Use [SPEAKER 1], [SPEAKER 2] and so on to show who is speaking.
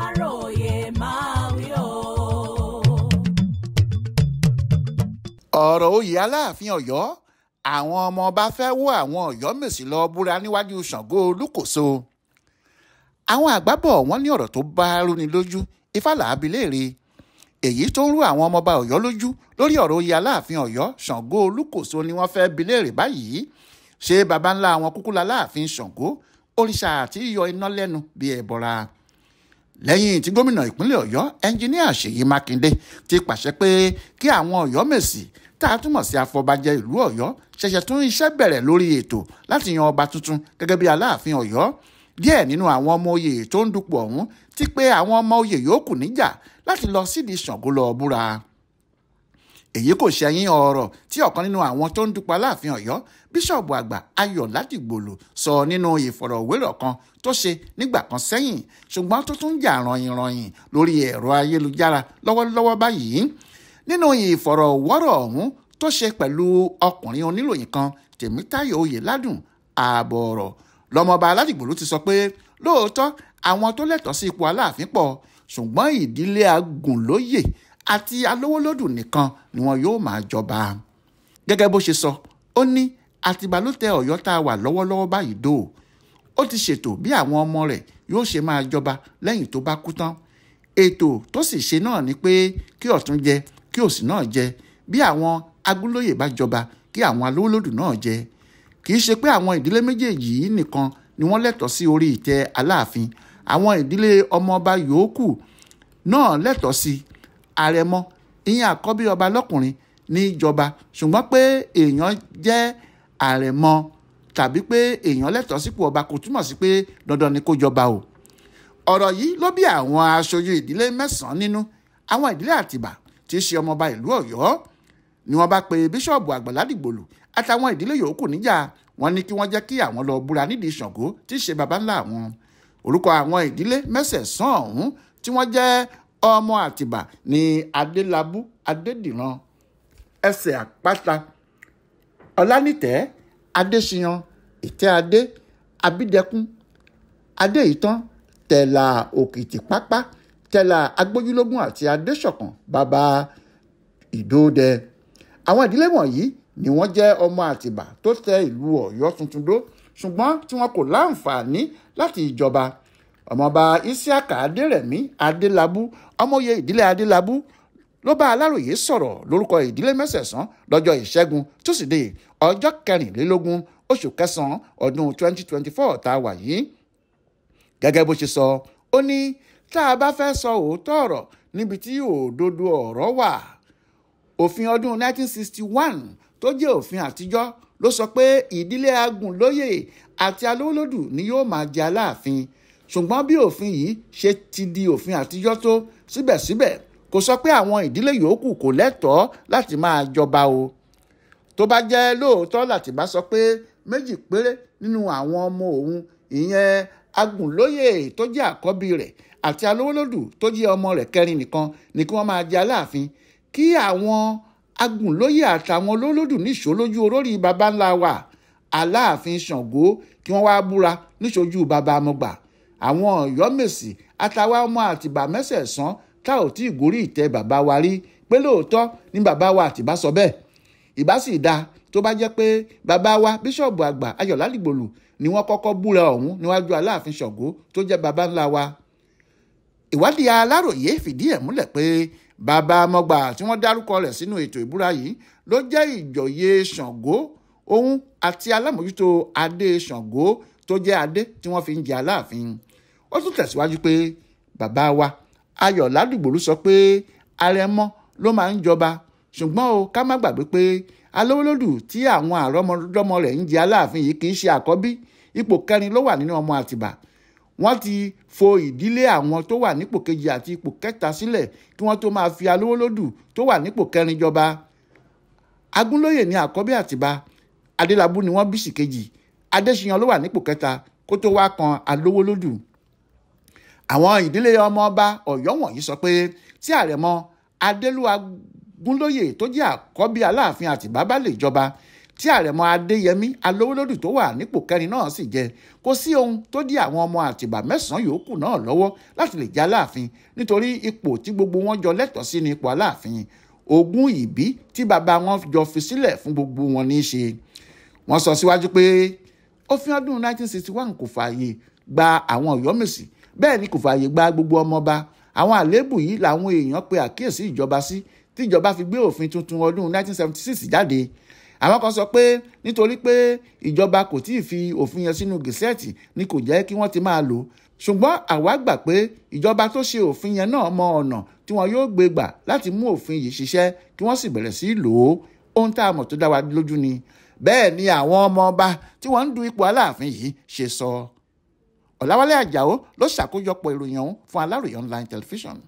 [SPEAKER 1] aláròye máa wí o. ọ̀rọ̀ oyè aláàfin ọ̀yọ́ àwọn ọmọọba fẹ́ wó àwọn ọ̀yọ́ mèsì lọ búra níwájú ṣàngó olúkòso àwọn àgbábọ̀ wọ́n ní ọ̀rọ̀ tó bá rúni lójú ifá làábi léèrè èyí tó ń rú àwọn ọmọọba ọ̀yọ́ lójú lórí ọ̀rọ̀ oyè aláàfin ọ̀yọ́ ṣàngó olúkòso ni wọ́n fẹ́ bi léèrè báyìí ṣé baba ńlá àwọn kúkú la láàfin ṣàngó òrìṣà àti yọ iná lẹ́nu bíi ẹ̀bọ̀ra lẹ́yìn tí gómìnà ìpínlẹ̀ ọ̀yọ́ ẹnjiníà ṣèyí mákindé ti pàṣẹ pé kí àwọn ọ̀yọ́mèsì tá a túmọ̀ sí afọbajẹ ìlú ọ̀yọ́ ṣẹ̀ṣẹ̀ tún iṣẹ́ bẹ̀rẹ̀ lórí ètò láti yan ọba tuntun gẹ́gẹ́ bí aláàfin ọ̀yọ́ díẹ̀ nínú àwọn ọmọ oyè tó ń dupò ọ̀hún ti pé àwọn ọmọ oyè yòókù níjà láti lọ sídìí ṣàngó lọ búra èyí kò ṣẹ̀yìn ọ̀rọ̀ tí ọ̀kan nínú àwọn tó ń dupò aláàfin ọ̀yọ́ bíṣọ̀bù àgbà ayọ̀ ládìgbòlù sọ nínú ìfọ̀rọ̀wérọ̀ kan tó ṣe nígbà kan sẹ́yìn ṣùgbọ́n tó tún ń jà rànyìnrànyìn lórí ẹ̀rọ ayélujára lọ́wọ́lọ́wọ́ báyìí nínú ìfọ̀rọ̀wọ́rọ̀ ọ̀hún tó ṣe pẹ̀lú ọkùnrin oníròyìn kan tèmítáyọ̀ oyèládùn ààbọ̀ ọ̀rọ̀ lọ́mọba aládìgbòlù ti sọ pé lóòótọ́ àwọn tó lẹ́tọ̀ọ́ sí ipò aláàfin pọ̀ ṣùgbọ́n ìdílé agùnlóyè àti alówólódù nìkan ni wọn yóò máa jọba. gẹ́gẹ́ bó ṣe sọ ó ní àtìgbà ló tẹ ọ̀yọ́ tá a wà lọ́wọ́lọ́wọ́ báyìí dò ó ti ṣètò bí àwọn ọmọ rẹ̀ yóò ṣe máa jọba lẹ́yìn tó bá kú tán ètò tó sì ṣe náà ni pé kí ọ̀tún jẹ kí òsì náà jẹ bí àwọn agúnlóyè bá jọba kí àwọn alówólódù náà jẹ kì í ṣe pé àwọn ìdílé méjèèjì yìí nìkan ni wọ́n lẹ́tọ̀ọ́ sí orí ìtẹ́ aláàfin àwọn ìdílé ọmọọba yòókù náà lẹ́tọ̀ọ́ sí àrẹ̀mọ ìyẹn àkọ́bí ọba lọ́kùnrin níjọba ṣùgbọ́n pé èèyàn jẹ́ àrẹ̀mọ tàbí pé èèyàn lẹ́tọ̀ọ́ sípò ọba kò túmọ̀ sí pé dandan ni kó jọba o ọ̀rọ̀ yìí ló bí àwọn aṣojú ìdílé mẹ́sàn-án nínú àwọn ìdílé àtìbà tí í ṣe ọmọọba ìlú ọ̀yọ́ ni wọ́n bá pe bíṣọ̀bù àgbàládìgbòlù àtàwọn ìdílé yòókù níjà wọ́n ní kí wọ́n jẹ́ kí àwọn lọ búra nídìí ṣàngó tí í ṣe baba ńlá orúkọ àwọn ìdílé mẹ́sẹ̀ẹ̀sán ọ̀hún tí wọ́n jẹ́ ọmọ àtìbà ní adélábù adédìran ẹsẹ̀ àpáta ọlánìtẹ́ adéṣiyan ìtẹ́ adé abídẹ́kún adéìtàn tẹ̀là òkìtì pápá tẹ̀là agbójúlógún àti adéṣọ̀kan bàbá ìdóòdẹ àwọn ìdílé wọ̀nyí ni wọ́n jẹ́ ọmọ àtìbà tó tẹ ìlú ọ̀yọ́ tuntun dó ṣùgbọ́n tí wọn kò láǹfààní láti ìjọba ọmọọba isiaka adérẹ̀mí adélabú ọmọye ìdílé adélabú ló bá aláròye sọ̀rọ̀ lórúkọ ìdílé mẹ́sẹ̀sán lọ́jọ́ ìṣẹ́gun tusidee ọjọ́ kẹrìnlélógún oṣù kẹsàn-án ọdún 2024 tá a wà yìí gẹ́gẹ́ bó ṣe sọ ó ní tá a bá fẹ́ sọ òótọ́ ọ̀rọ̀ níbi tí òdodo ọ̀rọ̀ wà òfin ọdún 1961 tó jẹ́ òfin àtijọ́ ló sọ pé ìdílé agùnlóyè àti alólòdù ni yóò máa jẹ aláàfin ṣùgbọ́n bí òfin yìí ṣe ti di òfin àtijọ́ tó síbẹ̀síbẹ̀ kò sọ pé àwọn ìdílé yòókù kò lẹ́tọ̀ọ́ láti máa jọba o tó bá jẹ́ lóòótọ́ Làtìbá sọ pé méjì péré nínú àwọn ọmọ òun ìyẹn Agúnlóyè tó jẹ́ àkọ́bí rẹ̀ àti Alówólódù tó jẹ́ ọmọ rẹ̀ kẹrin nìkan ni kí wọ́n máa jẹ Aláàfin kí àwọn Agúnlóyè àtàwọn Olówólódù níṣó olórí baba ńlá wa Aláàfin Ṣàngó kí wọ́n wá búra níṣojú baba amọ̀gbà àwọn ọ̀yọ́mèsì àtàwa ọmọ àtìbà mẹ́sẹ̀sán tá ò tí ì gorí ìtẹ́ bàbá wa rí pé lóòótọ́ ni bàbá wa àtìbá sọ bẹ́ẹ̀ ìbá sì dáa tó bá jẹ́ pé bàbá wa bíṣọ̀bù àgbà ayọ̀ ládìgbòlù ni wọ́n kọ́kọ́ búra ọ̀hún níwájú aláàfin ṣọ̀gó tó jẹ́ bàbá ńlá wa ìwádìí aláròye fìdí ẹ̀ múlẹ̀ pé bàbá amọ̀gbà tí wọ́n dárúkọ rẹ̀ sínú ètò ìbúra yìí ló jẹ́ ìjòyè ṣàngó òun àti alámòjútó adé ṣàngó tó jẹ́ adé tí wọ́n fi ń jẹ aláàfin ó tún tẹ̀síwájú pé bàbá wa ayọ̀ ládùgbòlú sọ pé arẹmọ ló máa ń jọba ṣùgbọ́n o ká má gbàgbé pé alówólódù tí àwọn àrọ́mọdọ́mọ rẹ̀ ń jẹ aláàfin yìí kì í ṣe àkọ́bí ipò kẹrin ló wà nínú ọmọ àtìbà wọ́n ti fo ìdílé àwọn tó wà nípò kejì àti ipò kẹta sílẹ̀ kí wọ́n tó máa fi alówólódù tó wà nípò kẹrin jọba agúnlóyè ni àkọ́bí àtìbà adélábù ni wọ́n bí sí kejì adéṣiyan ló wà nípò kẹta kó tó wá kan alówólódù àwọn ìdílé ọmọọba ọ̀yọ́ wọ̀nyí sọ pé tí àrẹ̀mọ adélúwagúnlóyè tó jẹ́ àkọ́bí aláàfin àtìbá bá lè jọba tí àrẹ̀mọ adéyẹmí alówólódù tó wà nípò kẹrin náà sì jẹ kò sí ohun tó dí àwọn ọmọ àtìbá mẹ́sàn-án yòókù náà lọ́wọ́ láti lè jẹ́ aláàfin nítorí ipò tí gbogbo wọn jọ lẹ́tọ̀ọ́ sí ní ipò aláàfin ogún ìbí tí bàbá wọn jọ fi sílẹ̀ fún gbogbo wọn ní í ṣe wọ́n sọ síwájú pé òfin ọdún 1961 kò fààyè gba àwọn ọ̀yọ́mèsì bẹ́ẹ̀ ni kò fààyè gba gbogbo ọmọọba àwọn àléébù yìí làwọn èèyàn pe àkíyèsí ìjọba sí tíjọba fi gbé òfin tuntun ọdún 1976 jáde àwọn kan sọ pé nítorí pé ìjọba kò tí ì fi òfin yẹn sínú gẹ̀sẹ́ẹ̀tì ni kò jẹ́ kí wọ́n ti máa lò ṣùgbọ́n àwa gbà pé ìjọba tó ṣe òfin yẹn náà mọ ọ̀nà tí wọn yóò gbé gbà láti mú òfin yìí ṣiṣẹ́ kí wọ́n sì bẹ̀rẹ̀ sí lò ó ohun tá a mọ̀ tó dá wa lójú ni bẹ́ẹ̀ ni àwọn ọmọ ọba tí wọ́n ń du ipò aláàfin yìí ṣe sọ. So ọ̀làwálé àjàó ló ṣàkójọpọ̀ ìròyìn ọ̀hún fún aláròye online television.